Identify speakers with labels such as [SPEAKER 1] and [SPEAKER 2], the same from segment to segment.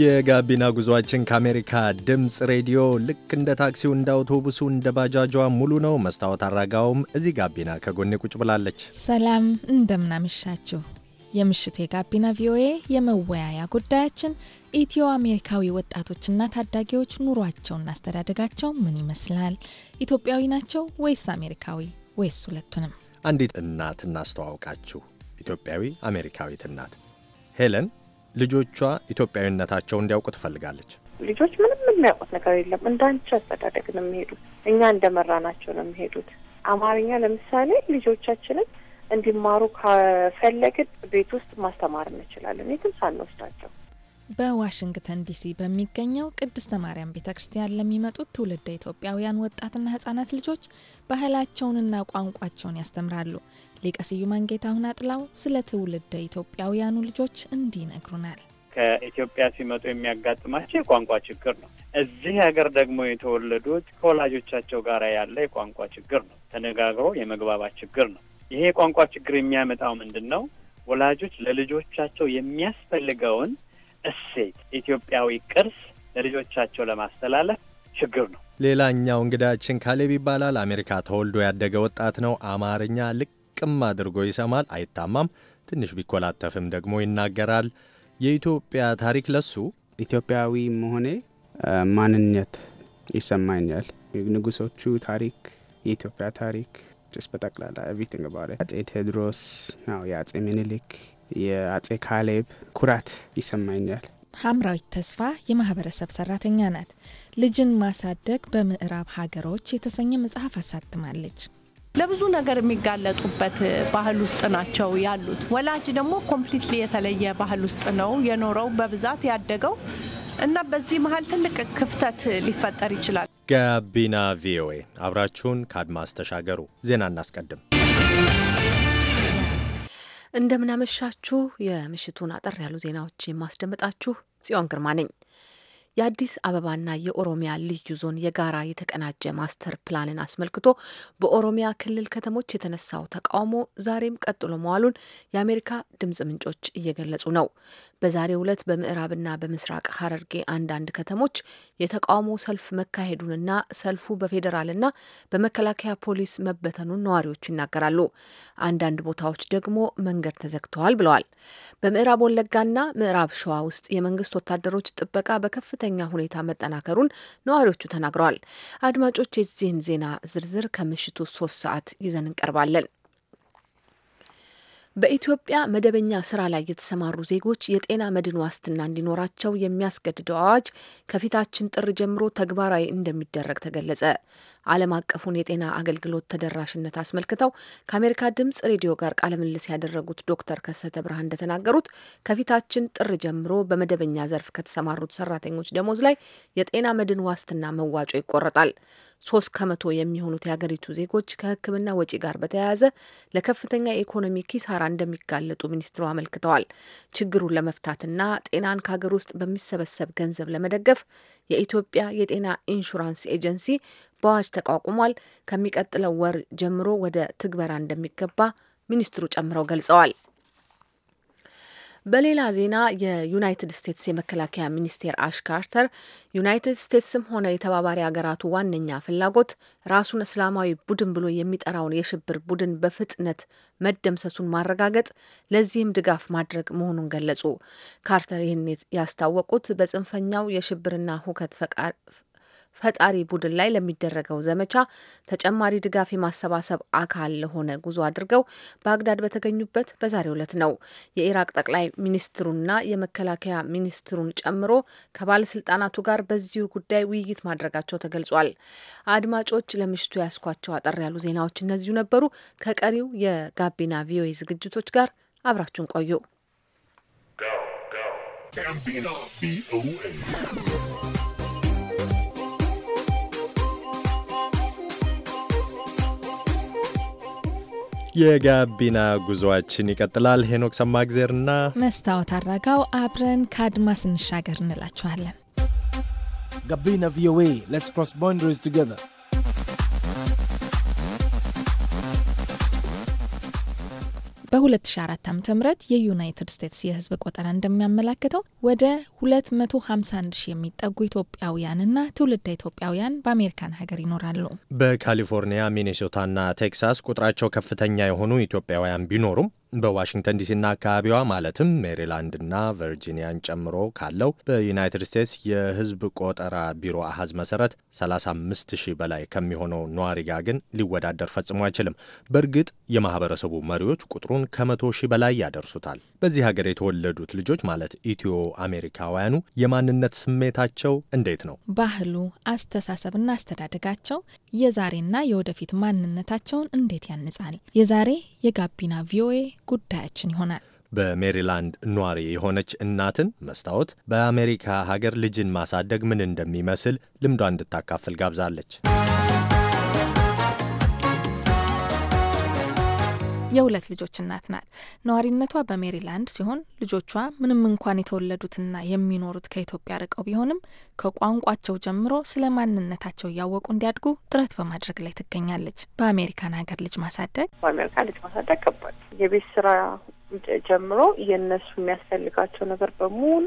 [SPEAKER 1] የጋቢና ጉዟችን ከአሜሪካ ድምፅ ሬዲዮ ልክ እንደ ታክሲው እንደ አውቶቡሱ እንደ ባጃጇ ሙሉ ነው። መስታወት አራጋውም እዚህ ጋቢና ከጎኔ ቁጭ ብላለች።
[SPEAKER 2] ሰላም እንደምናመሻችሁ። የምሽቱ የጋቢና ቪኦኤ የመወያያ ጉዳያችን ኢትዮ አሜሪካዊ ወጣቶችና ታዳጊዎች ኑሯቸውና አስተዳደጋቸው ምን ይመስላል? ኢትዮጵያዊ ናቸው ወይስ አሜሪካዊ ወይስ ሁለቱንም?
[SPEAKER 1] አንዲት እናት እናስተዋውቃችሁ። ኢትዮጵያዊ አሜሪካዊት እናት ሄለን ልጆቿ ኢትዮጵያዊነታቸው እንዲያውቁ ትፈልጋለች።
[SPEAKER 3] ልጆች ምንም የሚያውቁት ነገር የለም። እንዳንቺ አስተዳደግ ነው የሚሄዱት። እኛ እንደ ናቸው ነው የሚሄዱት። አማርኛ ለምሳሌ ልጆቻችንን እንዲማሩ ከፈለግን ቤት ውስጥ ማስተማር እንችላለን፣ የትም ሳንወስዳቸው
[SPEAKER 2] በዋሽንግተን ዲሲ በሚገኘው ቅድስተ ማርያም ቤተ ክርስቲያን ለሚመጡት ትውልደ ኢትዮጵያውያን ወጣትና ህጻናት ልጆች ባህላቸውንና ቋንቋቸውን ያስተምራሉ። ሊቀ ስዩማን ጌታሁን አጥላው ስለ ትውልደ ኢትዮጵያውያኑ ልጆች እንዲህ ይነግሩናል።
[SPEAKER 4] ከኢትዮጵያ ሲመጡ የሚያጋጥማቸው የቋንቋ ችግር ነው። እዚህ ሀገር ደግሞ የተወለዱት ከወላጆቻቸው ጋር ያለ የቋንቋ ችግር ነው። ተነጋግሮ የመግባባት ችግር ነው። ይሄ የቋንቋ ችግር የሚያመጣው ምንድን ነው? ወላጆች ለልጆቻቸው የሚያስፈልገውን እሴት፣ ኢትዮጵያዊ ቅርስ ለልጆቻቸው ለማስተላለፍ ችግር ነው።
[SPEAKER 1] ሌላኛው እንግዳችን ካሌብ ይባላል። አሜሪካ ተወልዶ ያደገ ወጣት ነው። አማርኛ ልቅም አድርጎ ይሰማል፣ አይታማም። ትንሽ ቢኮላተፍም ደግሞ ይናገራል። የኢትዮጵያ ታሪክ ለሱ ኢትዮጵያዊ መሆኔ
[SPEAKER 5] ማንነት ይሰማኛል። ንጉሶቹ ታሪክ፣ የኢትዮጵያ ታሪክ ስ በጠቅላላ ኤቭሪቲንግ አባውት አፄ ቴዎድሮስ፣ የአፄ ሚኒሊክ የአጼ ካሌብ ኩራት ይሰማኛል።
[SPEAKER 2] ሀምራዊት ተስፋ የማህበረሰብ ሰራተኛ ናት። ልጅን ማሳደግ በምዕራብ ሀገሮች የተሰኘ መጽሐፍ አሳትማለች።
[SPEAKER 6] ለብዙ ነገር የሚጋለጡበት ባህል ውስጥ ናቸው ያሉት። ወላጅ ደግሞ ኮምፕሊትሊ የተለየ ባህል ውስጥ ነው የኖረው በብዛት ያደገው እና በዚህ መሀል ትልቅ ክፍተት ሊፈጠር ይችላል።
[SPEAKER 1] ጋቢና ቪኦኤ አብራችሁን ከአድማስ ተሻገሩ። ዜና እናስቀድም።
[SPEAKER 7] እንደምናመሻችሁ የምሽቱን አጠር ያሉ ዜናዎች የማስደምጣችሁ ጽዮን ግርማ ነኝ። የአዲስ አበባና የኦሮሚያ ልዩ ዞን የጋራ የተቀናጀ ማስተር ፕላንን አስመልክቶ በኦሮሚያ ክልል ከተሞች የተነሳው ተቃውሞ ዛሬም ቀጥሎ መዋሉን የአሜሪካ ድምጽ ምንጮች እየገለጹ ነው። በዛሬው ዕለት በምዕራብና በምስራቅ ሐረርጌ አንዳንድ ከተሞች የተቃውሞ ሰልፍ መካሄዱንና ሰልፉ በፌዴራልና በመከላከያ ፖሊስ መበተኑን ነዋሪዎቹ ይናገራሉ። አንዳንድ ቦታዎች ደግሞ መንገድ ተዘግተዋል ብለዋል። በምዕራብ ወለጋና ምዕራብ ሸዋ ውስጥ የመንግስት ወታደሮች ጥበቃ በከፍተኛ ሁኔታ መጠናከሩን ነዋሪዎቹ ተናግረዋል። አድማጮች የዚህን ዜና ዝርዝር ከምሽቱ ሶስት ሰዓት ይዘን እንቀርባለን። በኢትዮጵያ መደበኛ ስራ ላይ የተሰማሩ ዜጎች የጤና መድን ዋስትና እንዲኖራቸው የሚያስገድደው አዋጅ ከፊታችን ጥር ጀምሮ ተግባራዊ እንደሚደረግ ተገለጸ። ዓለም አቀፉን የጤና አገልግሎት ተደራሽነት አስመልክተው ከአሜሪካ ድምጽ ሬዲዮ ጋር ቃለምልስ ያደረጉት ዶክተር ከሰተ ብርሃን እንደተናገሩት ከፊታችን ጥር ጀምሮ በመደበኛ ዘርፍ ከተሰማሩት ሰራተኞች ደሞዝ ላይ የጤና መድን ዋስትና መዋጮ ይቆረጣል። ሶስት ከመቶ የሚሆኑት የሀገሪቱ ዜጎች ከሕክምና ወጪ ጋር በተያያዘ ለከፍተኛ የኢኮኖሚ ኪሳራ እንደሚጋለጡ ሚኒስትሩ አመልክተዋል። ችግሩን ለመፍታትና ጤናን ከሀገር ውስጥ በሚሰበሰብ ገንዘብ ለመደገፍ የኢትዮጵያ የጤና ኢንሹራንስ ኤጀንሲ በአዋጅ ተቋቁሟል። ከሚቀጥለው ወር ጀምሮ ወደ ትግበራ እንደሚገባ ሚኒስትሩ ጨምረው ገልጸዋል። በሌላ ዜና የዩናይትድ ስቴትስ የመከላከያ ሚኒስቴር አሽ ካርተር ዩናይትድ ስቴትስም ሆነ የተባባሪ ሀገራቱ ዋነኛ ፍላጎት ራሱን እስላማዊ ቡድን ብሎ የሚጠራውን የሽብር ቡድን በፍጥነት መደምሰሱን ማረጋገጥ፣ ለዚህም ድጋፍ ማድረግ መሆኑን ገለጹ። ካርተር ይህን ያስታወቁት በጽንፈኛው የሽብርና ሁከት ፈጣሪ ቡድን ላይ ለሚደረገው ዘመቻ ተጨማሪ ድጋፍ የማሰባሰብ አካል ለሆነ ጉዞ አድርገው ባግዳድ በተገኙበት በዛሬው ዕለት ነው። የኢራቅ ጠቅላይ ሚኒስትሩና የመከላከያ ሚኒስትሩን ጨምሮ ከባለስልጣናቱ ጋር በዚሁ ጉዳይ ውይይት ማድረጋቸው ተገልጿል። አድማጮች፣ ለምሽቱ ያስኳቸው አጠር ያሉ ዜናዎች እነዚሁ ነበሩ። ከቀሪው የጋቢና ቪኦኤ ዝግጅቶች ጋር አብራችሁን ቆዩ።
[SPEAKER 1] የጋቢና ጉዞአችን ይቀጥላል። ሄኖክ ሰማግዜርና
[SPEAKER 2] መስታወት አራጋው አብረን ከአድማስ እንሻገር እንላችኋለን።
[SPEAKER 1] ጋቢና ቪኦኤ ሌትስ ክሮስ ባውንደሪስ ቱጌዘር
[SPEAKER 2] በ2004 ዓ ም የዩናይትድ ስቴትስ የህዝብ ቆጠራ እንደሚያመላክተው ወደ 251 ሺህ የሚጠጉ ኢትዮጵያውያንና ትውልደ ኢትዮጵያውያን በአሜሪካን ሀገር ይኖራሉ።
[SPEAKER 1] በካሊፎርኒያ ሚኔሶታና ቴክሳስ ቁጥራቸው ከፍተኛ የሆኑ ኢትዮጵያውያን ቢኖሩም በዋሽንግተን ዲሲና አካባቢዋ ማለትም ሜሪላንድና ቨርጂኒያን ጨምሮ ካለው በዩናይትድ ስቴትስ የሕዝብ ቆጠራ ቢሮ አሀዝ መሰረት 35 ሺህ በላይ ከሚሆነው ነዋሪ ጋር ግን ሊወዳደር ፈጽሞ አይችልም። በእርግጥ የማህበረሰቡ መሪዎች ቁጥሩን ከመቶ ሺህ በላይ ያደርሱታል። በዚህ ሀገር የተወለዱት ልጆች ማለት ኢትዮ አሜሪካውያኑ የማንነት ስሜታቸው እንዴት ነው?
[SPEAKER 2] ባህሉ፣ አስተሳሰብና አስተዳደጋቸው የዛሬና የወደፊት ማንነታቸውን እንዴት ያንጻል? የዛሬ የጋቢና ቪኦኤ ጉዳያችን ይሆናል።
[SPEAKER 1] በሜሪላንድ ኗሪ የሆነች እናትን መስታወት በአሜሪካ ሀገር ልጅን ማሳደግ ምን እንደሚመስል ልምዷ እንድታካፍል ጋብዛለች።
[SPEAKER 2] የሁለት ልጆች እናት ናት። ነዋሪነቷ በሜሪላንድ ሲሆን ልጆቿ ምንም እንኳን የተወለዱትና የሚኖሩት ከኢትዮጵያ ርቀው ቢሆንም ከቋንቋቸው ጀምሮ ስለ ማንነታቸው እያወቁ እንዲያድጉ ጥረት በማድረግ ላይ ትገኛለች። በአሜሪካን ሀገር ልጅ
[SPEAKER 3] ማሳደግ በአሜሪካ ልጅ ማሳደግ ከባድ የቤት ስራ ጀምሮ የእነሱ የሚያስፈልጋቸው ነገር በሙሉ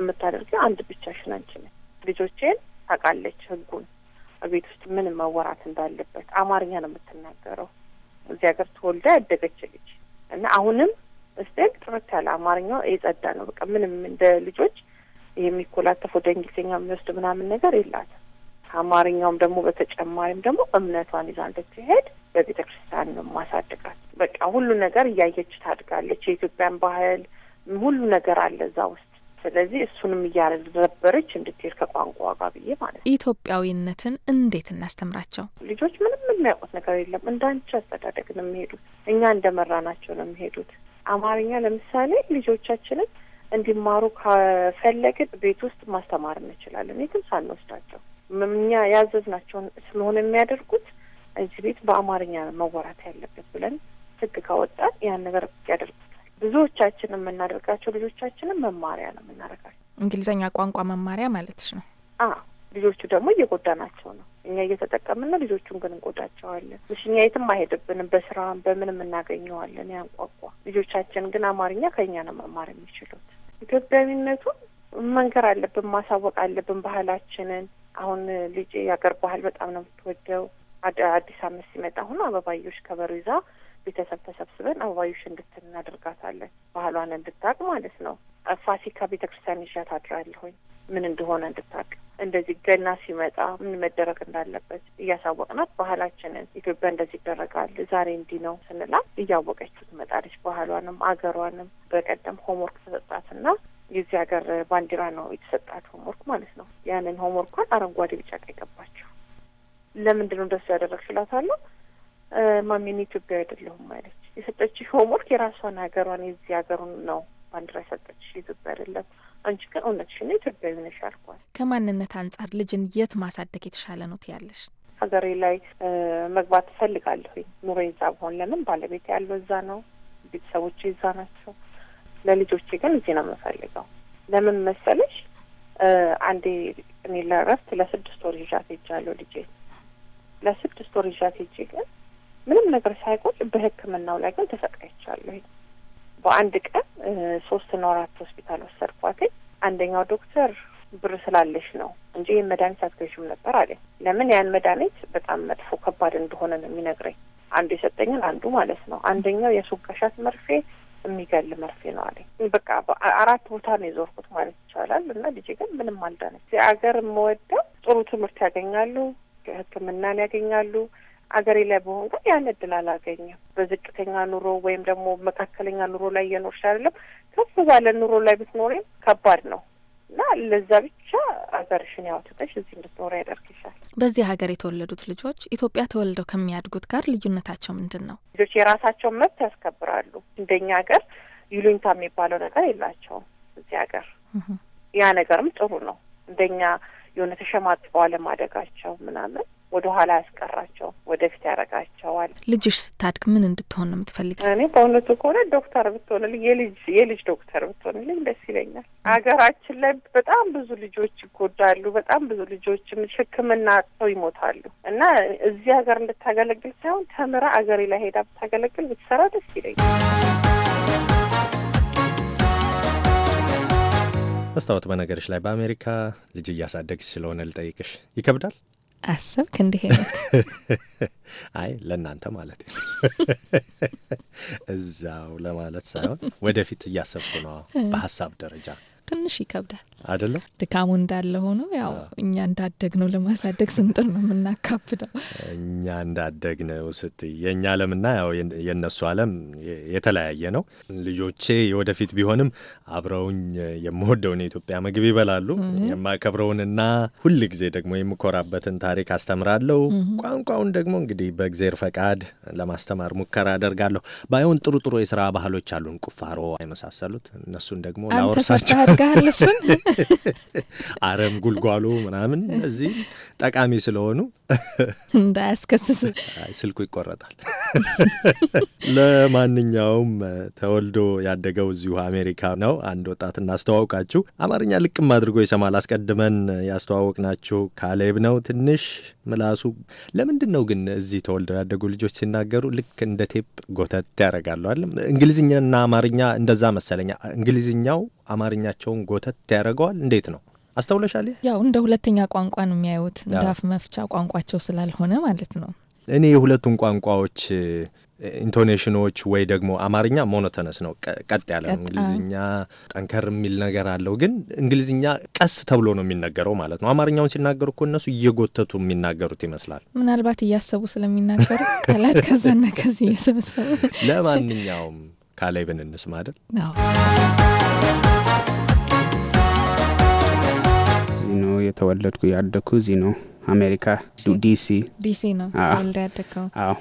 [SPEAKER 3] የምታደርገው አንድ ብቻሽን አንቺ ነሽ። ልጆቼን ታውቃለች ህጉን ቤት ውስጥ ምን መወራት እንዳለበት አማርኛ ነው የምትናገረው። እዚህ ሀገር ተወልዳ ያደገች ልጅ እና አሁንም እስቴል ጥርት ያለ አማርኛው የጸዳ ነው። በቃ ምንም እንደ ልጆች የሚኮላተፍ ወደ እንግሊዝኛ የሚወስድ ምናምን ነገር የላትም። አማርኛውም ደግሞ በተጨማሪም ደግሞ እምነቷን ይዛ እንድትሄድ በቤተ ክርስቲያን ነው ማሳድጋት። በቃ ሁሉ ነገር እያየች ታድጋለች። የኢትዮጵያን ባህል ሁሉ ነገር አለ እዛ ውስጥ ስለዚህ እሱንም እያረበረች እንድትሄድ ከቋንቋ ጋር ብዬ ማለት
[SPEAKER 2] ነው። ኢትዮጵያዊነትን እንዴት እናስተምራቸው?
[SPEAKER 3] ልጆች ምንም የሚያውቁት ነገር የለም። እንዳንቺ አስተዳደግ ነው የሚሄዱት። እኛ እንደ ናቸው ነው የሚሄዱት። አማርኛ ለምሳሌ ልጆቻችንን እንዲማሩ ከፈለግን ቤት ውስጥ ማስተማር እንችላለን፣ የትም ሳንወስዳቸው። እኛ ያዘዝናቸውን ስለሆነ የሚያደርጉት እዚህ ቤት በአማርኛ መወራት ያለበት ብለን ህግ ካወጣን ያን ነገር ያደርጉ ብዙዎቻችን የምናደርጋቸው ልጆቻችንም መማሪያ ነው የምናደርጋቸው።
[SPEAKER 2] እንግሊዝኛ ቋንቋ መማሪያ ማለትሽ ነው?
[SPEAKER 3] አዎ። ልጆቹ ደግሞ እየጎዳናቸው ነው። እኛ እየተጠቀምን ነው፣ ልጆቹን ግን እንጎዳቸዋለን። ምሽኛ የትም አይሄድብንም፣ በስራ በምንም እናገኘዋለን ያን ቋንቋ። ልጆቻችን ግን አማርኛ ከእኛ ነው መማር የሚችሉት። ኢትዮጵያዊነቱን መንገር አለብን፣ ማሳወቅ አለብን ባህላችንን። አሁን ልጅ የአገር ባህል በጣም ነው የምትወደው። አዲስ አመት ሲመጣ ሁኖ አበባዮች ከበሩ ይዛ ቤተሰብ ተሰብስበን አዋዩሽ እንድትል እናደርጋታለን። ባህሏን እንድታቅ ማለት ነው። ፋሲካ ቤተ ክርስቲያን ይዣት አድራለሁኝ ምን እንደሆነ እንድታቅ እንደዚህ ገና ሲመጣ ምን መደረግ እንዳለበት እያሳወቅናት ባህላችንን ኢትዮጵያ እንደዚህ ይደረጋል ዛሬ እንዲህ ነው ስንላት እያወቀችው ትመጣለች። ባህሏንም አገሯንም በቀደም ሆምወርክ ተሰጣትና የዚህ ሀገር ባንዲራ ነው የተሰጣት ሆምወርክ ማለት ነው። ያንን ሆምወርኳን አረንጓዴ፣ ቢጫ ቀይ ገባቸው። ለምንድን ነው እንደሱ ያደረግ ስላታለሁ ማሚን ኢትዮጵያ አይደለሁም ማለች። የሰጠች ሆምወርክ የራሷን ሀገሯን የዚህ ሀገሩን ነው ባንዲራ የሰጠች ኢትዮጵያ አይደለም። አንቺ ግን እውነትሽን ኢትዮጵያዊ ነሽ አልኳት።
[SPEAKER 2] ከማንነት አንጻር ልጅን የት ማሳደግ የተሻለ ነው ትያለሽ?
[SPEAKER 3] ሀገሬ ላይ መግባት እፈልጋለሁኝ። ኑሮ ይዛ በሆን ለምን ባለቤት ያለው እዛ ነው፣ ቤተሰቦች ይዛ ናቸው። ለልጆቼ ግን እዚህ ነው የምፈልገው። ለምን መሰለሽ? አንዴ እኔ ለእረፍት ለስድስት ወር ይዣት ሄጃለሁ። ልጄ ለስድስት ወር ይዣት ሄጄ ግን ምንም ነገር ሳይቆጭ በህክምናው ላይ ግን ተሰቃይቻለሁ። በአንድ ቀን ሶስት ሶስትና አራት ሆስፒታል ወሰድኳትኝ። አንደኛው ዶክተር ብር ስላለሽ ነው እንጂ ይህን መድኃኒት አትገዥም ነበር አለኝ። ለምን ያን መድኃኒት በጣም መጥፎ ከባድ እንደሆነ ነው የሚነግረኝ። አንዱ የሰጠኝን አንዱ ማለት ነው። አንደኛው የሱጋሻት መርፌ የሚገል መርፌ ነው አለኝ። በቃ አራት ቦታ ነው የዞርኩት ማለት ይቻላል። እና ልጄ ግን ምንም አልዳነች። የአገር የምወደው ጥሩ ትምህርት ያገኛሉ፣ ህክምናን ያገኛሉ አገሬ ላይ በሆንኩ ያን እድል አላገኘም። በዝቅተኛ ኑሮ ወይም ደግሞ መካከለኛ ኑሮ ላይ እየኖርሽ አይደለም፣ ከፍ ባለ ኑሮ ላይ ብትኖሬም ከባድ ነው እና ለዛ ብቻ ሀገርሽን ያውትጠሽ እዚህ እንድትኖሪ ያደርግሻል።
[SPEAKER 2] በዚህ ሀገር የተወለዱት ልጆች ኢትዮጵያ ተወልደው ከሚያድጉት ጋር ልዩነታቸው ምንድን ነው?
[SPEAKER 3] ልጆች የራሳቸውን መብት ያስከብራሉ። እንደኛ ሀገር ይሉኝታ የሚባለው ነገር የላቸውም እዚህ ሀገር። ያ ነገርም ጥሩ ነው። እንደኛ የሆነ ተሸማጥቀዋል ማደጋቸው ምናምን ወደ ኋላ ያስቀራቸው ወደፊት ያረጋቸዋል። ልጅሽ ስታድግ
[SPEAKER 2] ምን እንድትሆን ነው የምትፈልግ?
[SPEAKER 3] እኔ በእውነቱ ከሆነ ዶክተር ብትሆንልኝ የልጅ የልጅ ዶክተር ብትሆንልኝ ደስ ይለኛል። ሀገራችን ላይ በጣም ብዙ ልጆች ይጎዳሉ። በጣም ብዙ ልጆችም ሕክምና አጥተው ይሞታሉ እና እዚህ ሀገር እንድታገለግል ሳይሆን ተምራ አገሬ ላይ ሄዳ ብታገለግል ብትሰራ ደስ ይለኛል።
[SPEAKER 1] መስታወት፣ በነገሮች ላይ በአሜሪካ ልጅ እያሳደግሽ ስለሆነ ልጠይቅሽ ይከብዳል?
[SPEAKER 2] አሰብክ እንዲህ
[SPEAKER 1] አይ ለእናንተ ማለት እዛው ለማለት ሳይሆን ወደፊት እያሰብኩ ነው በሀሳብ ደረጃ
[SPEAKER 2] ትንሽ ይከብዳል አይደለም። ድካሙ እንዳለ ሆኖ ያው እኛ እንዳደግ ነው ለማሳደግ ስንጥር ነው የምናካብደው።
[SPEAKER 1] እኛ እንዳደግ ነው ስት የእኛ ዓለምና ያው የእነሱ ዓለም የተለያየ ነው። ልጆቼ ወደፊት ቢሆንም አብረውኝ የምወደውን የኢትዮጵያ ምግብ ይበላሉ። የማከብረውንና ሁል ጊዜ ደግሞ የምኮራበትን ታሪክ አስተምራለሁ። ቋንቋውን ደግሞ እንግዲህ በእግዜር ፈቃድ ለማስተማር ሙከራ አደርጋለሁ። ባይሆን ጥሩ ጥሩ የስራ ባህሎች አሉን፣ ቁፋሮ የመሳሰሉት እነሱን ደግሞ ላወርሳቸው አድርገሃል። እሱን አረም ጉልጓሉ ምናምን እዚህ ጠቃሚ ስለሆኑ
[SPEAKER 2] እንዳያስከስስ
[SPEAKER 1] ስልኩ ይቆረጣል። ለማንኛውም ተወልዶ ያደገው እዚሁ አሜሪካ ነው። አንድ ወጣት እናስተዋውቃችሁ። አማርኛ ልቅም አድርጎ ይሰማል። አስቀድመን ያስተዋወቅናችሁ ካሌብ ነው። ትንሽ ምላሱ ለምንድን ነው ግን እዚህ ተወልደው ያደጉ ልጆች ሲናገሩ ልክ እንደ ቴፕ ጎተት ያደርጋሉ። እንግሊዝኛና አማርኛ እንደዛ መሰለኛ እንግሊዝኛው አማርኛቸውን ጎተት ያደርገዋል? እንዴት ነው አስተውለሻል?
[SPEAKER 2] ያው እንደ ሁለተኛ ቋንቋ ነው የሚያዩት እንደ አፍ መፍቻ ቋንቋቸው ስላልሆነ ማለት ነው።
[SPEAKER 1] እኔ የሁለቱን ቋንቋዎች ኢንቶኔሽኖች ወይ ደግሞ አማርኛ ሞኖተነስ ነው፣ ቀጥ ያለ ነው። እንግሊዝኛ ጠንከር የሚል ነገር አለው፣ ግን እንግሊዝኛ ቀስ ተብሎ ነው የሚነገረው ማለት ነው። አማርኛውን ሲናገሩ እኮ እነሱ እየጎተቱ የሚናገሩት ይመስላል።
[SPEAKER 2] ምናልባት እያሰቡ ስለሚናገሩ ቃላት ከዛና ከዚህ እየሰበሰቡ
[SPEAKER 1] ለማንኛውም ካላይ ብንንስ ማደል
[SPEAKER 5] የተወለድኩ ያደግኩ እዚህ ነው አሜሪካ ዲሲ ዲሲ ነው ያደግከው? አዎ።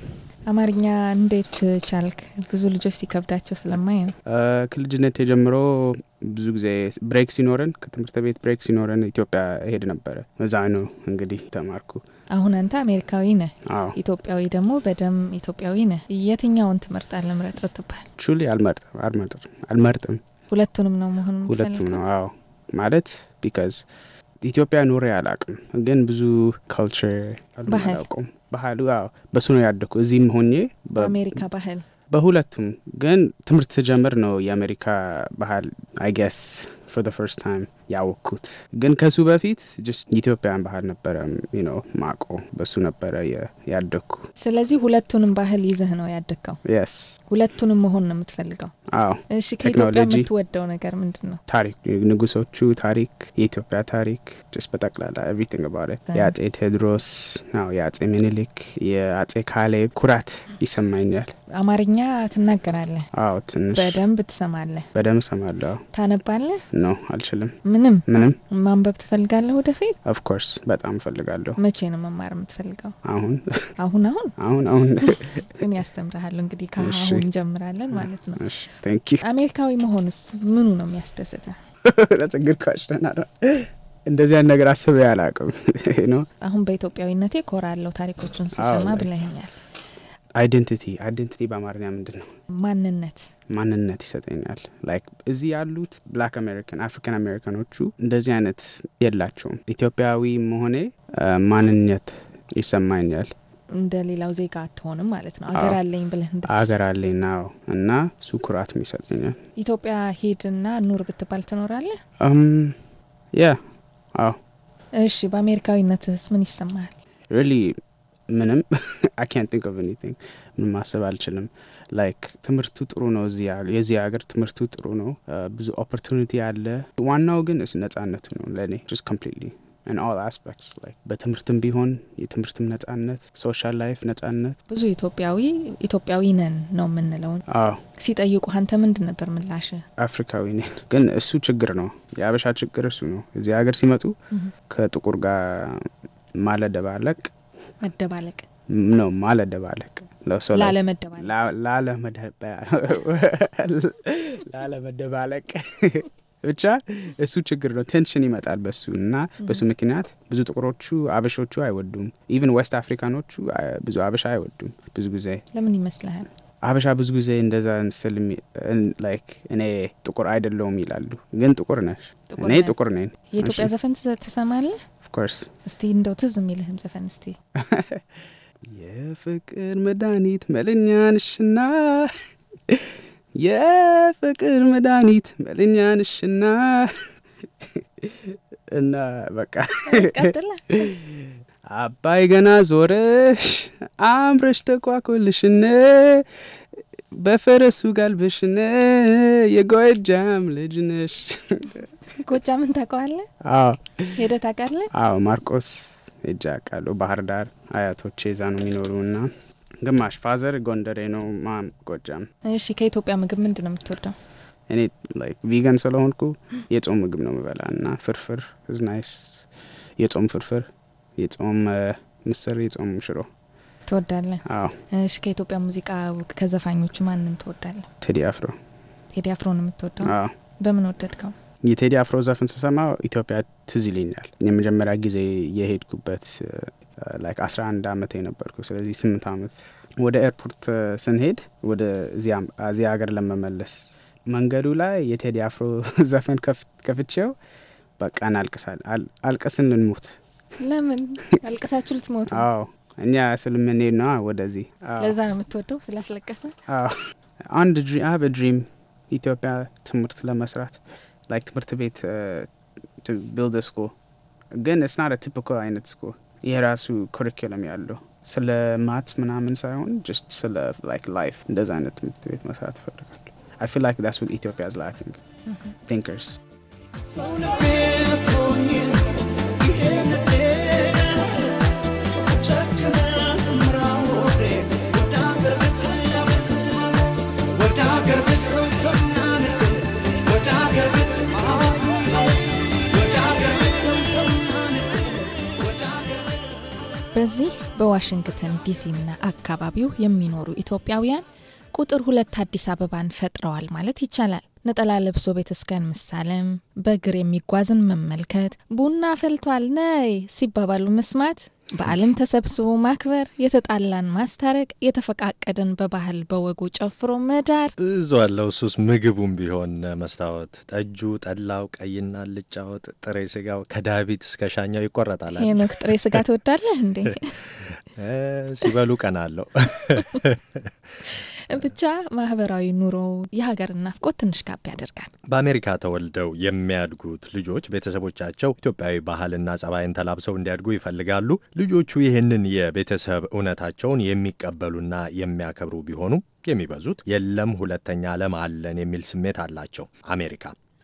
[SPEAKER 2] አማርኛ እንዴት ቻልክ? ብዙ ልጆች ሲከብዳቸው ስለማይ ነው።
[SPEAKER 5] ክልጅነት ጀምሮ ብዙ ጊዜ ብሬክ ሲኖረን ከትምህርት ቤት ብሬክ ሲኖረን ኢትዮጵያ ሄድ ነበረ። መዛ ነው እንግዲህ ተማርኩ።
[SPEAKER 2] አሁን አንተ አሜሪካዊ ነህ፣ ኢትዮጵያዊ ደግሞ በደም ኢትዮጵያዊ ነህ። የትኛውን ትምህርት አልምረጥ ብትባል?
[SPEAKER 5] ቹሊ አልመርጥም አልመርጥም አልመርጥም።
[SPEAKER 2] ሁለቱንም ነው መሆን ሁለቱም
[SPEAKER 5] ነው። አዎ ማለት ቢካዝ ኢትዮጵያ ኑሬ አላቅም፣ ግን ብዙ ካልቸር አላውቅም። ባህሉ በሱ ነው ያደኩ። እዚህም ሆኜ
[SPEAKER 2] በአሜሪካ ባህል
[SPEAKER 5] በሁለቱም ግን ትምህርት ስጀምር ነው የአሜሪካ ባህል አይገስ ፎር ዘ ፈርስት ታይም ያወቅኩት። ግን ከሱ በፊት ጀስት ኢትዮጵያን ባህል ነበረ ነው ማቆ በሱ ነበረ ያደግኩ።
[SPEAKER 2] ስለዚህ ሁለቱንም ባህል ይዘህ ነው ያደግከው? የስ ሁለቱንም መሆን ነው የምትፈልገው? አዎ። እሺ፣ ከኢትዮጵያ የምትወደው ነገር ምንድን ነው?
[SPEAKER 5] ታሪክ፣ ንጉሶቹ ታሪክ፣ የኢትዮጵያ ታሪክ ጀስት በጠቅላላ ኤቭሪቲንግ አባውት የአጼ ቴዎድሮስ ነው የአጼ ምኒልክ የአጼ ካሌብ ኩራት ይሰማኛል።
[SPEAKER 2] አማርኛ ትናገራለህ?
[SPEAKER 5] አዎ፣ ትንሽ በደንብ ትሰማለህ? በደንብ እሰማለሁ።
[SPEAKER 2] ታነባለህ?
[SPEAKER 5] ነው አልችልም። ምንም ምንም
[SPEAKER 2] ማንበብ ትፈልጋለሁ ወደፊት?
[SPEAKER 5] ኦፍኮርስ በጣም ፈልጋለሁ
[SPEAKER 2] መቼ ነው መማር የምትፈልገው? አሁን አሁን አሁን
[SPEAKER 5] አሁን አሁን ግን
[SPEAKER 2] ያስተምርሃል። እንግዲህ ከአሁን እንጀምራለን ማለት ነው። አሜሪካዊ መሆንስ ምኑ ነው የሚያስደስተ?
[SPEAKER 5] ለጽግር ኳሽተናል እንደዚያ ነገር አስበ ያላቅም ነው።
[SPEAKER 2] አሁን በኢትዮጵያዊነቴ ኮራለሁ ታሪኮቹን ሲሰማ oh, ብለህኛል
[SPEAKER 5] አይደንቲቲ አይደንቲቲ በአማርኛ ምንድን ነው? ማንነት ማንነት ይሰጠኛል። ላይክ እዚህ ያሉት ብላክ አሜሪካን አፍሪካን አሜሪካኖቹ እንደዚህ አይነት የላቸውም። ኢትዮጵያዊ መሆኔ ማንነት ይሰማኛል።
[SPEAKER 2] እንደ ሌላው ዜጋ አትሆንም ማለት ነው። አገር አለኝ ብለህ
[SPEAKER 5] አገር አለኝ ናው እና ሱ ኩራት ይሰጠኛል።
[SPEAKER 2] ኢትዮጵያ ሄድና ኑር ብትባል ትኖራለ
[SPEAKER 5] ያ አዎ።
[SPEAKER 2] እሺ፣ በአሜሪካዊነትስ ምን ይሰማል?
[SPEAKER 5] ሪሊ ምንም አይ ካንት ቲንክ ኦፍ ኤኒቲንግ ምንም ማሰብ አልችልም። ላይክ ትምህርቱ ጥሩ ነው፣ የዚህ ሀገር ትምህርቱ ጥሩ ነው። ብዙ ኦፖርቱኒቲ አለ። ዋናው ግን እስ ነጻነቱ ነው ለእኔ ስ ኮምፕሊትሊ in all aspects like በትምህርትም ቢሆን የትምህርትም ነጻነት፣ ሶሻል ላይፍ ነጻነት።
[SPEAKER 2] ብዙ ኢትዮጵያዊ ኢትዮጵያዊ ነን ነው የምንለው። አዎ ሲጠይቁ አንተ ምንድን ነበር ምላሽ?
[SPEAKER 5] አፍሪካዊ ነን። ግን እሱ ችግር ነው፣ የአበሻ ችግር እሱ ነው። እዚህ ሀገር ሲመጡ ከጥቁር ጋር ማለደባለቅ መደባለቅ ኖ ማለደባለቅ ላለመደባለቅ ብቻ እሱ ችግር ነው። ቴንሽን ይመጣል በሱ እና በሱ ምክንያት ብዙ ጥቁሮቹ አበሾቹ አይወዱም። ኢቨን ዌስት አፍሪካኖቹ ብዙ አበሻ አይወዱም። ብዙ ጊዜ
[SPEAKER 2] ለምን ይመስልል
[SPEAKER 5] አበሻ ብዙ ጊዜ እንደዛ ስል ላይክ እኔ ጥቁር አይደለውም ይላሉ። ግን ጥቁር ነሽ። እኔ ጥቁር ነኝ። የኢትዮጵያ
[SPEAKER 2] ዘፈን ትሰማለህ? ኦፍኮርስ እስቲ እንደው ትዝ የሚልህን ዘፈን እስቲ
[SPEAKER 5] የፍቅር መድኃኒት መልኛንሽና የፍቅር መድኃኒት መልኛንሽና እና በቃ አባይ ገና ዞረሽ አምረሽ ተኳኩልሽን በፈረሱ ጋልብሽነ የጎጃም ልጅ ነሽ።
[SPEAKER 2] ጎጃምን ታውቀዋለህ? አዎ ሄደህ ታውቃለህ?
[SPEAKER 5] አዎ ማርቆስ ሄጄ አውቃለሁ። ባህር ዳር አያቶቼ ዛ ነው የሚኖሩ እና ግማሽ ፋዘር ጎንደሬ ነው፣ ማም ጎጃም።
[SPEAKER 2] እሺ ከኢትዮጵያ ምግብ ምንድን ነው የምትወደው?
[SPEAKER 5] እኔ ላይክ ቪገን ስለሆንኩ የጾም ምግብ ነው የምበላ እና ፍርፍር ዝናይስ የጾም ፍርፍር፣ የጾም ምስር፣ የጾም ሽሮ ትወዳለህ? አዎ።
[SPEAKER 2] እሺ ከኢትዮጵያ ሙዚቃ ከዘፋኞቹ ማንን ትወዳለህ? ቴዲ አፍሮ። ቴዲ አፍሮ ነው የምትወደው? አዎ። በምን ወደድከው?
[SPEAKER 5] የቴዲ አፍሮ ዘፈን ስሰማ ኢትዮጵያ ትዝ ይለኛል። የመጀመሪያ ጊዜ የሄድኩበት ላይክ አስራ አንድ አመት የነበርኩ ስለዚህ ስምንት አመት ወደ ኤርፖርት ስንሄድ ወደ እዚያ ሀገር ለመመለስ መንገዱ ላይ የቴዲ አፍሮ ዘፈን ከፍቼው በቃ እናልቅሳል አልቀስን እንሞት
[SPEAKER 2] ለምን አልቀሳችሁ ልትሞቱ?
[SPEAKER 5] አዎ እኛ ስልምኔ ነው ወደዚህ። ለዛ
[SPEAKER 2] ነው የምትወደው ስላስለቀሰ።
[SPEAKER 5] አንድ ሀብ ድሪም ኢትዮጵያ ትምህርት ለመስራት ላይክ ትምህርት ቤት ቢልድ uh, ስኩል፣ ግን ኢትስ ናት አይነት ስኩል የራሱ ኩሪኩለም ያለው ስለ ማት ምናምን ሳይሆን ጅስት ስለ ላይክ ላይፍ እንደዛ አይነት ትምህርት ቤት መስራት ይፈልጋሉ። አይ ፊል ላይክ ዳስ ኢትዮጵያ ኢትዮጵያስ ላኪንግ ቲንከርስ
[SPEAKER 2] በዚህ በዋሽንግተን ዲሲና አካባቢው የሚኖሩ ኢትዮጵያውያን ቁጥር ሁለት አዲስ አበባን ፈጥረዋል ማለት ይቻላል። ነጠላ ለብሶ ቤተስከን ምሳሌም በእግር የሚጓዝን መመልከት፣ ቡና ፈልቷል ነይ ሲባባሉ መስማት በዓልን ተሰብስቦ ማክበር፣ የተጣላን ማስታረቅ፣ የተፈቃቀደን በባህል በወጉ ጨፍሮ መዳር
[SPEAKER 1] እዞ አለው ሱስ ምግቡም ቢሆን መስታወት ጠጁ፣ ጠላው፣ ቀይና ልጫወጥ ጥሬ ስጋው ከዳቢት እስከ ሻኛው ይቆረጣል። ሄኖክ
[SPEAKER 2] ጥሬ ስጋ ትወዳለህ እንዴ?
[SPEAKER 1] ሲበሉ ቀና አለው።
[SPEAKER 2] ብቻ ማህበራዊ ኑሮ የሀገር ናፍቆት ትንሽ ጋብ ያደርጋል።
[SPEAKER 1] በአሜሪካ ተወልደው የሚያድጉት ልጆች ቤተሰቦቻቸው ኢትዮጵያዊ ባህልና ጸባይን ተላብሰው እንዲያድጉ ይፈልጋሉ። ልጆቹ ይህንን የቤተሰብ እውነታቸውን የሚቀበሉና የሚያከብሩ ቢሆኑም የሚበዙት የለም ሁለተኛ ዓለም አለን የሚል ስሜት አላቸው። አሜሪካ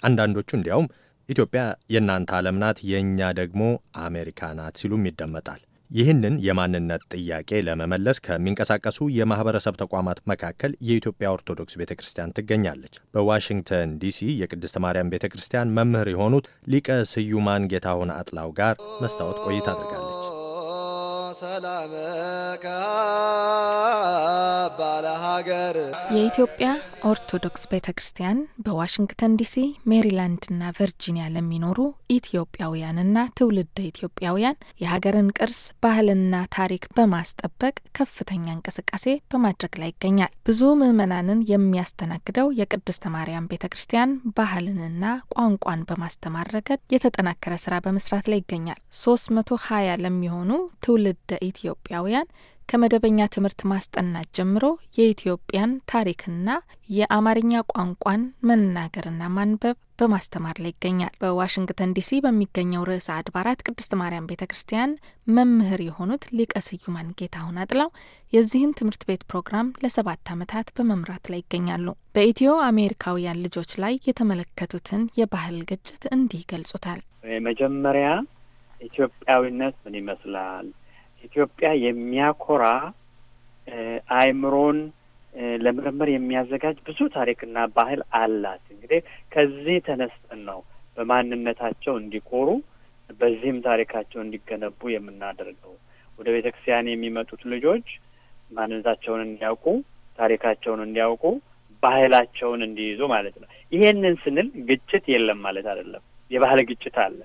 [SPEAKER 1] አንዳንዶቹ እንዲያውም ኢትዮጵያ የእናንተ ዓለም ናት፣ የእኛ ደግሞ አሜሪካ ናት ሲሉም ይደመጣል። ይህንን የማንነት ጥያቄ ለመመለስ ከሚንቀሳቀሱ የማህበረሰብ ተቋማት መካከል የኢትዮጵያ ኦርቶዶክስ ቤተ ክርስቲያን ትገኛለች። በዋሽንግተን ዲሲ የቅድስተ ማርያም ቤተ ክርስቲያን መምህር የሆኑት ሊቀ ስዩማን ጌታሁን አጥላው ጋር መስታወት ቆይታ አድርጋለች።
[SPEAKER 2] የኢትዮጵያ ኦርቶዶክስ ቤተ ክርስቲያን በዋሽንግተን ዲሲ፣ ሜሪላንድና ቨርጂኒያ ለሚኖሩ ኢትዮጵያውያንና ትውልደ ኢትዮጵያውያን የሀገርን ቅርስ ባህልና ታሪክ በማስጠበቅ ከፍተኛ እንቅስቃሴ በማድረግ ላይ ይገኛል። ብዙ ምዕመናንን የሚያስተናግደው የቅድስተ ማርያም ቤተ ክርስቲያን ባህልንና ቋንቋን በማስተማር ረገድ የተጠናከረ ስራ በመስራት ላይ ይገኛል። ሶስት መቶ ሀያ ለሚሆኑ ትውልደ ኢትዮጵያውያን ከመደበኛ ትምህርት ማስጠናት ጀምሮ የኢትዮጵያን ታሪክና የአማርኛ ቋንቋን መናገርና ማንበብ በማስተማር ላይ ይገኛል። በዋሽንግተን ዲሲ በሚገኘው ርዕሰ አድባራት ቅድስት ማርያም ቤተ ክርስቲያን መምህር የሆኑት ሊቀ ስዩማን ጌታሁን አጥላው የዚህን ትምህርት ቤት ፕሮግራም ለሰባት ዓመታት በመምራት ላይ ይገኛሉ። በኢትዮ አሜሪካውያን ልጆች ላይ የተመለከቱትን የባህል ግጭት እንዲህ ይገልጹታል።
[SPEAKER 4] መጀመሪያ ኢትዮጵያዊነት ምን ይመስላል ኢትዮጵያ የሚያኮራ አእምሮን ለምርምር የሚያዘጋጅ ብዙ ታሪክና ባህል አላት። እንግዲህ ከዚህ ተነስተን ነው በማንነታቸው እንዲኮሩ በዚህም ታሪካቸው እንዲገነቡ የምናደርገው። ወደ ቤተ ክርስቲያን የሚመጡት ልጆች ማንነታቸውን እንዲያውቁ፣ ታሪካቸውን እንዲያውቁ፣ ባህላቸውን እንዲይዙ ማለት ነው። ይሄንን ስንል ግጭት የለም ማለት አይደለም። የባህል ግጭት አለ።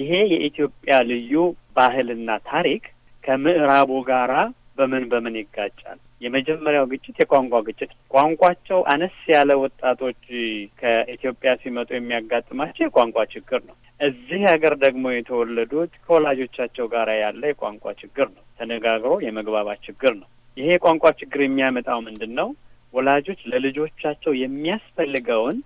[SPEAKER 4] ይሄ የኢትዮጵያ ልዩ ባህልና ታሪክ ከምዕራቡ ጋራ በምን በምን ይጋጫል? የመጀመሪያው ግጭት የቋንቋ ግጭት፣ ቋንቋቸው አነስ ያለ ወጣቶች ከኢትዮጵያ ሲመጡ የሚያጋጥማቸው የቋንቋ ችግር ነው። እዚህ ሀገር ደግሞ የተወለዱት ከወላጆቻቸው ጋር ያለ የቋንቋ ችግር ነው። ተነጋግሮ የመግባባት ችግር ነው። ይሄ የቋንቋ ችግር የሚያመጣው ምንድን ነው? ወላጆች ለልጆቻቸው የሚያስፈልገውን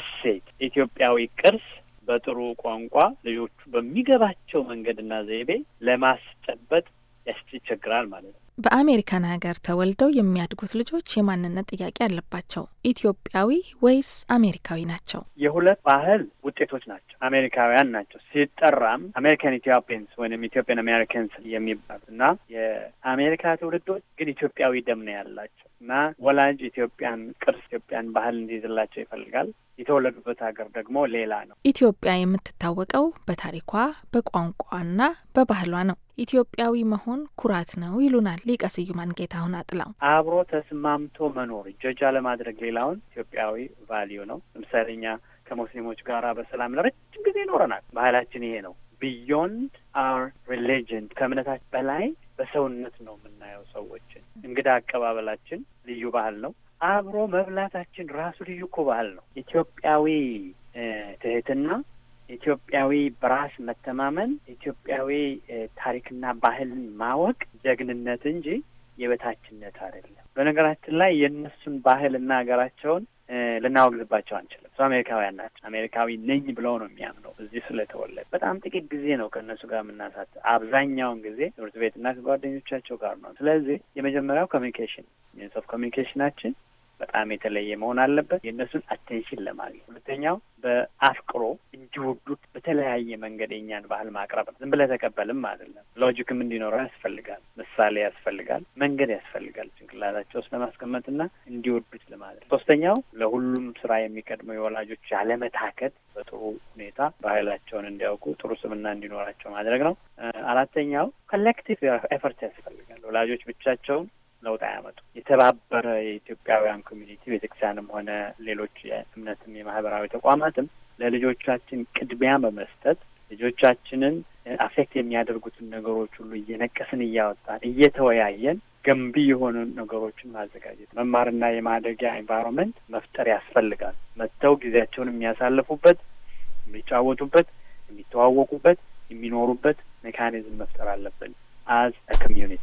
[SPEAKER 4] እሴት፣ ኢትዮጵያዊ ቅርስ በጥሩ ቋንቋ ልጆቹ በሚገባቸው መንገድና ዘይቤ ለማስጨበጥ ያስቸግራል ማለት ነው።
[SPEAKER 2] በአሜሪካን ሀገር ተወልደው የሚያድጉት ልጆች የማንነት ጥያቄ አለባቸው። ኢትዮጵያዊ ወይስ አሜሪካዊ ናቸው?
[SPEAKER 4] የሁለት ባህል ውጤቶች ናቸው። አሜሪካውያን ናቸው ሲጠራም አሜሪካን ኢትዮጵያንስ ወይም ኢትዮጵያን አሜሪካንስ የሚባሉ እና የአሜሪካ ትውልዶች ግን ኢትዮጵያዊ ደም ነው ያላቸው እና ወላጅ ኢትዮጵያን ቅርስ፣ ኢትዮጵያን ባህል እንዲይዝላቸው ይፈልጋል። የተወለዱበት ሀገር ደግሞ ሌላ
[SPEAKER 2] ነው። ኢትዮጵያ የምትታወቀው በታሪኳ በቋንቋና በባህሏ ነው። ኢትዮጵያዊ መሆን ኩራት ነው ይሉናል ሊቀ ስዩማን ጌታሁን አጥላው።
[SPEAKER 4] አብሮ ተስማምቶ መኖር ጀጃ ለማድረግ ሌላውን ኢትዮጵያዊ ቫሊዩ ነው። ለምሳሌ እኛ ከሙስሊሞች ጋር በሰላም ለረጅም ጊዜ ይኖረናል። ባህላችን ይሄ ነው። ቢዮንድ አር ሪሊጅን ከእምነታችን በላይ በሰውነት ነው የምናየው ሰዎችን። እንግዳ አቀባበላችን ልዩ ባህል ነው። አብሮ መብላታችን ራሱ ልዩ እኮ ባህል ነው። ኢትዮጵያዊ ትህትና፣ ኢትዮጵያዊ በራስ መተማመን፣ ኢትዮጵያዊ ታሪክና ባህልን ማወቅ ጀግንነት እንጂ የበታችነት አይደለም። በነገራችን ላይ የእነሱን ባህልና ሀገራቸውን ልናወግዝባቸው አንችልም። እሱ አሜሪካውያን ናቸው። አሜሪካዊ ነኝ ብለው ነው የሚያምነው እዚህ ስለተወለደ። በጣም ጥቂት ጊዜ ነው ከእነሱ ጋር የምናሳት። አብዛኛውን ጊዜ ትምህርት ቤትና ከጓደኞቻቸው ጋር ነው። ስለዚህ የመጀመሪያው ኮሚኒኬሽን ሚንስ ኦፍ ኮሚኒኬሽናችን በጣም የተለየ መሆን አለበት። የእነሱን አቴንሽን ለማግኘት ሁለተኛው በአፍቅሮ እንዲወዱት በተለያየ መንገድ የእኛን ባህል ማቅረብ ነው። ዝም ብለህ ተቀበልም አይደለም። ሎጂክም እንዲኖረው ያስፈልጋል። ምሳሌ ያስፈልጋል። መንገድ ያስፈልጋል። ጭንቅላታቸው ውስጥ ለማስቀመጥና እንዲወዱት ለማድረግ። ሶስተኛው ለሁሉም ስራ የሚቀድመው የወላጆች ያለመታከት በጥሩ ሁኔታ ባህላቸውን እንዲያውቁ ጥሩ ስምና እንዲኖራቸው ማድረግ ነው። አራተኛው ኮሌክቲቭ ኤፈርት ያስፈልጋል። ወላጆች ብቻቸውን ለውጥ አያመጡ። የተባበረ የኢትዮጵያውያን ኮሚኒቲ ቤተክርስቲያንም ሆነ ሌሎች የእምነትም የማህበራዊ ተቋማትም ለልጆቻችን ቅድሚያ በመስጠት ልጆቻችንን አፌክት የሚያደርጉትን ነገሮች ሁሉ እየነቀስን እያወጣን እየተወያየን ገንቢ የሆኑ ነገሮችን ማዘጋጀት መማርና የማደጊያ ኤንቫይሮንመንት መፍጠር ያስፈልጋል። መጥተው ጊዜያቸውን የሚያሳልፉበት፣ የሚጫወቱበት፣ የሚተዋወቁበት፣ የሚኖሩበት ሜካኒዝም መፍጠር አለብን። as a community.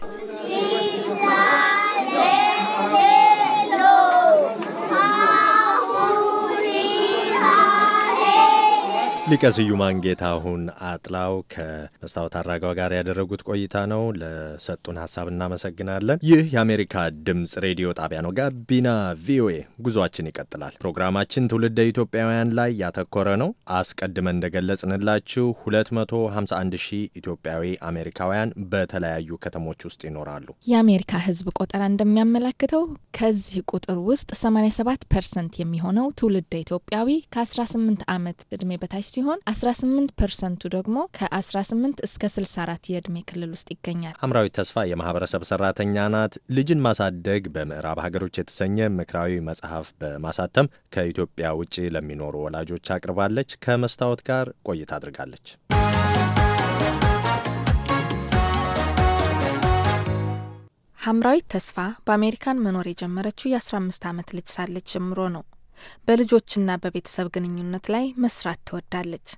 [SPEAKER 1] ሊቀ ስዩም ጌታሁን አጥላው ከመስታወት አራጋው ጋር ያደረጉት ቆይታ ነው። ለሰጡን ሀሳብ እናመሰግናለን። ይህ የአሜሪካ ድምፅ ሬዲዮ ጣቢያ ነው። ጋቢና ቪኦኤ ጉዟችን ይቀጥላል። ፕሮግራማችን ትውልደ ኢትዮጵያውያን ላይ ያተኮረ ነው። አስቀድመን እንደገለጽንላችሁ 251 ሺህ ኢትዮጵያዊ አሜሪካውያን በተለያዩ ከተሞች ውስጥ ይኖራሉ።
[SPEAKER 2] የአሜሪካ ሕዝብ ቆጠራ እንደሚያመላክተው ከዚህ ቁጥር ውስጥ 87 ፐርሰንት የሚሆነው ትውልደ ኢትዮጵያዊ ከ18 ዓመት ዕድሜ በታች ሲሆን 18 ፐርሰንቱ ደግሞ ከ18 እስከ 64 የዕድሜ ክልል ውስጥ ይገኛል።
[SPEAKER 1] ሐምራዊት ተስፋ የማህበረሰብ ሰራተኛ ናት። ልጅን ማሳደግ በምዕራብ ሀገሮች የተሰኘ ምክራዊ መጽሐፍ በማሳተም ከኢትዮጵያ ውጭ ለሚኖሩ ወላጆች አቅርባለች። ከመስታወት ጋር ቆይታ አድርጋለች።
[SPEAKER 2] ሐምራዊት ተስፋ በአሜሪካን መኖር የጀመረችው የ15 ዓመት ልጅ ሳለች ጀምሮ ነው። በልጆችና በቤተሰብ ግንኙነት ላይ መስራት ትወዳለች።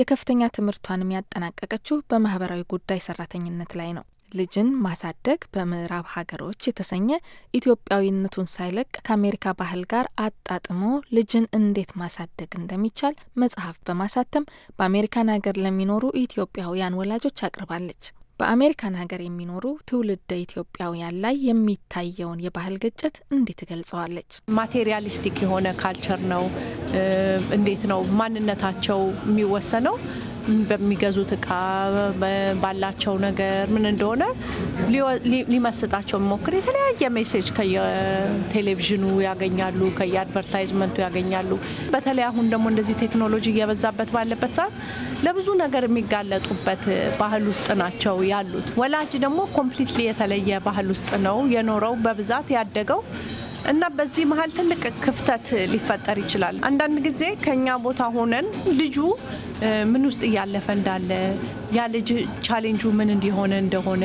[SPEAKER 2] የከፍተኛ ትምህርቷንም ያጠናቀቀችው በማህበራዊ ጉዳይ ሰራተኝነት ላይ ነው። ልጅን ማሳደግ በምዕራብ ሀገሮች የተሰኘ ኢትዮጵያዊነቱን ሳይለቅ ከአሜሪካ ባህል ጋር አጣጥሞ ልጅን እንዴት ማሳደግ እንደሚቻል መጽሐፍ በማሳተም በአሜሪካን ሀገር ለሚኖሩ ኢትዮጵያውያን ወላጆች አቅርባለች። በአሜሪካን ሀገር የሚኖሩ ትውልደ ኢትዮጵያውያን ላይ የሚታየውን የባህል ግጭት እንዴት ገልጸዋለች?
[SPEAKER 6] ማቴሪያሊስቲክ የሆነ ካልቸር ነው። እንዴት ነው ማንነታቸው የሚወሰነው? በሚገዙት እቃ ባላቸው ነገር ምን እንደሆነ ሊመስጣቸው ሞክር የተለያየ ሜሴጅ ከየቴሌቪዥኑ ያገኛሉ፣ ከየአድቨርታይዝመንቱ ያገኛሉ። በተለይ አሁን ደግሞ እንደዚህ ቴክኖሎጂ እየበዛበት ባለበት ሰዓት ለብዙ ነገር የሚጋለጡበት ባህል ውስጥ ናቸው ያሉት። ወላጅ ደግሞ ኮምፕሊትሊ የተለየ ባህል ውስጥ ነው የኖረው በብዛት ያደገው እና በዚህ መሀል ትልቅ ክፍተት ሊፈጠር ይችላል። አንዳንድ ጊዜ ከኛ ቦታ ሆነን ልጁ ምን ውስጥ እያለፈ እንዳለ ያ ልጅ ቻሌንጁ ምን እንዲሆነ እንደሆነ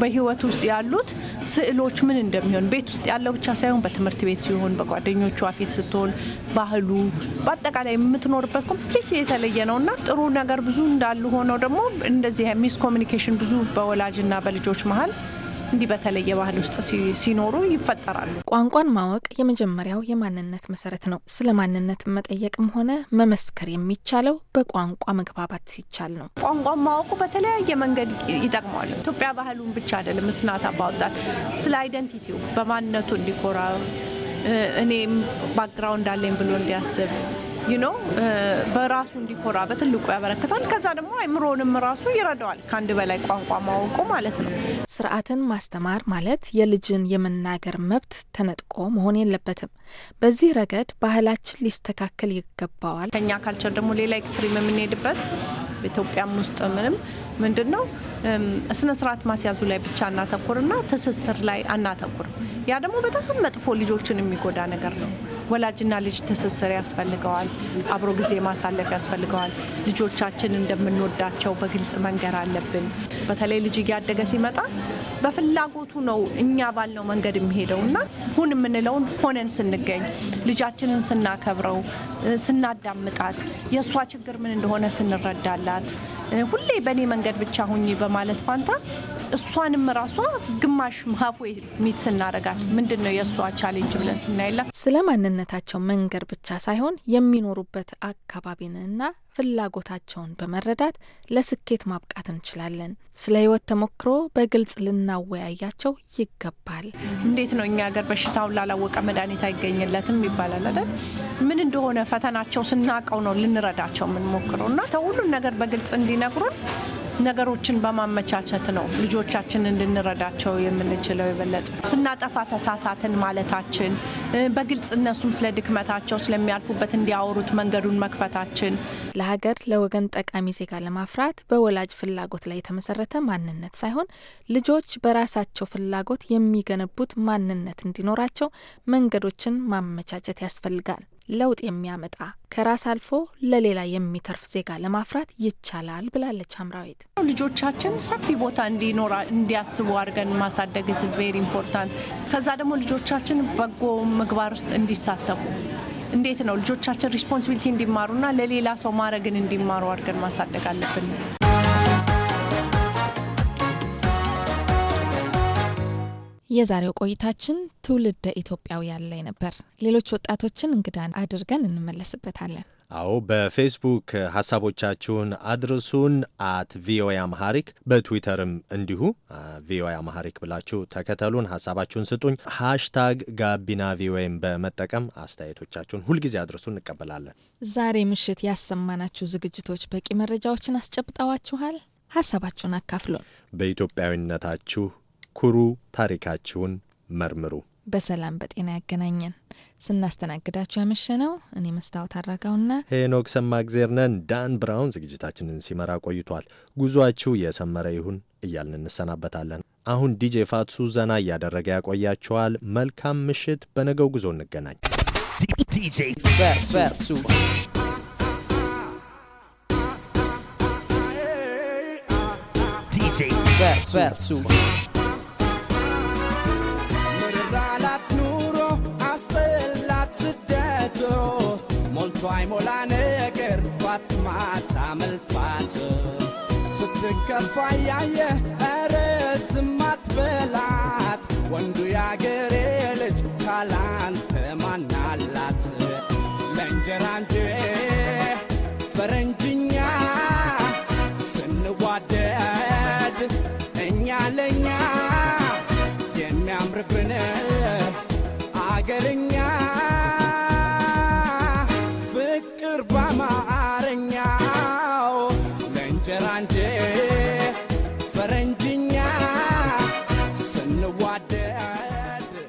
[SPEAKER 6] በህይወት ውስጥ ያሉት ስዕሎች ምን እንደሚሆን ቤት ውስጥ ያለው ብቻ ሳይሆን በትምህርት ቤት ሲሆን፣ በጓደኞቿ ፊት ስትሆን፣ ባህሉ በአጠቃላይ የምትኖርበት ኮምፕሊት የተለየ ነው እና ጥሩ ነገር ብዙ እንዳሉ ሆነው ደግሞ እንደዚህ ሚስ ኮሚኒኬሽን ብዙ በወላጅና በልጆች መሀል እንዲህ በተለየ ባህል ውስጥ ሲኖሩ ይፈጠራሉ። ቋንቋን ማወቅ
[SPEAKER 2] የመጀመሪያው የማንነት መሰረት ነው። ስለ ማንነት መጠየቅም ሆነ መመስከር የሚቻለው በቋንቋ መግባባት ሲቻል ነው።
[SPEAKER 6] ቋንቋን ማወቁ በተለያየ መንገድ ይጠቅማል። ኢትዮጵያ ባህሉን ብቻ አይደለም ምትናት አባወጣት ስለ አይደንቲቲው በማንነቱ እንዲኮራ እኔም ባክግራውንድ አለኝ ብሎ እንዲያስብ ዩኖ uh, በራሱ እንዲኮራ በትልቁ ያበረክታል። ከዛ ደግሞ አይምሮንም ራሱ ይረዳዋል። ከአንድ በላይ ቋንቋ ማወቁ ማለት ነው።
[SPEAKER 2] ስርዓትን ማስተማር ማለት የልጅን የመናገር መብት ተነጥቆ መሆን የለበትም። በዚህ ረገድ ባህላችን ሊስተካከል ይገባዋል። ከኛ
[SPEAKER 6] ካልቸር ደግሞ ሌላ ኤክስትሪም የምንሄድበት በኢትዮጵያም ውስጥ ምንም ምንድን ነው ስነ ስርዓት ማስያዙ ላይ ብቻ እናተኩርና ትስስር ላይ አናተኩር። ያ ደግሞ በጣም መጥፎ ልጆችን የሚጎዳ ነገር ነው። ወላጅና ልጅ ትስስር ያስፈልገዋል። አብሮ ጊዜ ማሳለፍ ያስፈልገዋል። ልጆቻችን እንደምንወዳቸው በግልጽ መንገር አለብን። በተለይ ልጅ እያደገ ሲመጣ በፍላጎቱ ነው እኛ ባልነው መንገድ የሚሄደው እና ሁን የምንለውን ሆነን ስንገኝ ልጃችንን ስናከብረው፣ ስናዳምጣት፣ የእሷ ችግር ምን እንደሆነ ስንረዳላት፣ ሁሌ በእኔ መንገድ ብቻ ሁኚ በማለት ፋንታ እሷንም ራሷ ግማሽ ሀፎ ሚት ስናረጋት ምንድን ነው የእሷ ቻሌንጅ ብለን
[SPEAKER 2] ስናይላ ስለ ማንነታቸው መንገር ብቻ ሳይሆን የሚኖሩበት አካባቢንና ፍላጎታቸውን በመረዳት ለስኬት ማብቃት እንችላለን። ስለ ህይወት ተሞክሮ በግልጽ ልናወያያቸው ይገባል።
[SPEAKER 6] እንዴት ነው እኛ ሀገር በሽታውን ላላወቀ መድኃኒት አይገኝለትም ይባላል አይደል? ምን እንደሆነ ፈተናቸው ስናቀው ነው ልንረዳቸው የምንሞክረው እና ሁሉን ነገር በግልጽ እንዲነግሩን ነገሮችን በማመቻቸት ነው ልጆቻችን እንድንረዳቸው የምንችለው። የበለጠ ስናጠፋ ተሳሳትን ማለታችን በግልጽ እነሱም ስለ ድክመታቸው ስለሚያልፉበት እንዲያወሩት መንገዱን መክፈታችን
[SPEAKER 2] ለሀገር ለወገን ጠቃሚ ዜጋ ለማፍራት በወላጅ ፍላጎት ላይ የተመሰረተ ማንነት ሳይሆን ልጆች በራሳቸው ፍላጎት የሚገነቡት ማንነት እንዲኖራቸው መንገዶችን ማመቻቸት ያስፈልጋል። ለውጥ የሚያመጣ ከራስ አልፎ ለሌላ የሚተርፍ ዜጋ ለማፍራት ይቻላል ብላለች አምራዊት።
[SPEAKER 6] ልጆቻችን ሰፊ ቦታ እንዲኖራ እንዲያስቡ አድርገን ማሳደግ ቬሪ ኢምፖርታንት። ከዛ ደግሞ ልጆቻችን በጎ ምግባር ውስጥ እንዲሳተፉ እንዴት ነው ልጆቻችን ሪስፖንሲቢሊቲ እንዲማሩና ለሌላ ሰው ማድረግን እንዲማሩ አድርገን ማሳደግ አለብን።
[SPEAKER 2] የዛሬው ቆይታችን ትውልደ ኢትዮጵያውያን ላይ ነበር። ሌሎች ወጣቶችን እንግዳ አድርገን እንመለስበታለን።
[SPEAKER 1] አዎ፣ በፌስቡክ ሀሳቦቻችሁን አድርሱን፣ አት ቪኦኤ አምሃሪክ። በትዊተርም እንዲሁ ቪኦኤ አምሃሪክ ብላችሁ ተከተሉን፣ ሀሳባችሁን ስጡኝ። ሃሽታግ ጋቢና ቪኦኤም በመጠቀም አስተያየቶቻችሁን ሁልጊዜ አድርሱን፣ እንቀበላለን።
[SPEAKER 2] ዛሬ ምሽት ያሰማናችሁ ዝግጅቶች በቂ መረጃዎችን አስጨብጠዋችኋል? ሀሳባችሁን አካፍሉን።
[SPEAKER 1] በኢትዮጵያዊነታችሁ ኩሩ፣ ታሪካችሁን መርምሩ።
[SPEAKER 2] በሰላም በጤና ያገናኘን። ስናስተናግዳችሁ ያመሸ ነው እኔ መስታወት አድራጋውና
[SPEAKER 1] ሄኖክ ሰማ እግዜርነን። ዳን ብራውን ዝግጅታችንን ሲመራ ቆይቷል። ጉዟችሁ የሰመረ ይሁን እያልን እንሰናበታለን። አሁን ዲጄ ፋትሱ ዘና እያደረገ ያቆያችኋል። መልካም ምሽት። በነገው ጉዞ እንገናኝ።
[SPEAKER 4] ዲጄ ፋትሱ የማይሞላ ነገር ጧት ማታ መልፋት ስትከፋ ያየ ኧረ ዝም አትበላት ወንዱ ያገሬ ልጅ ካላ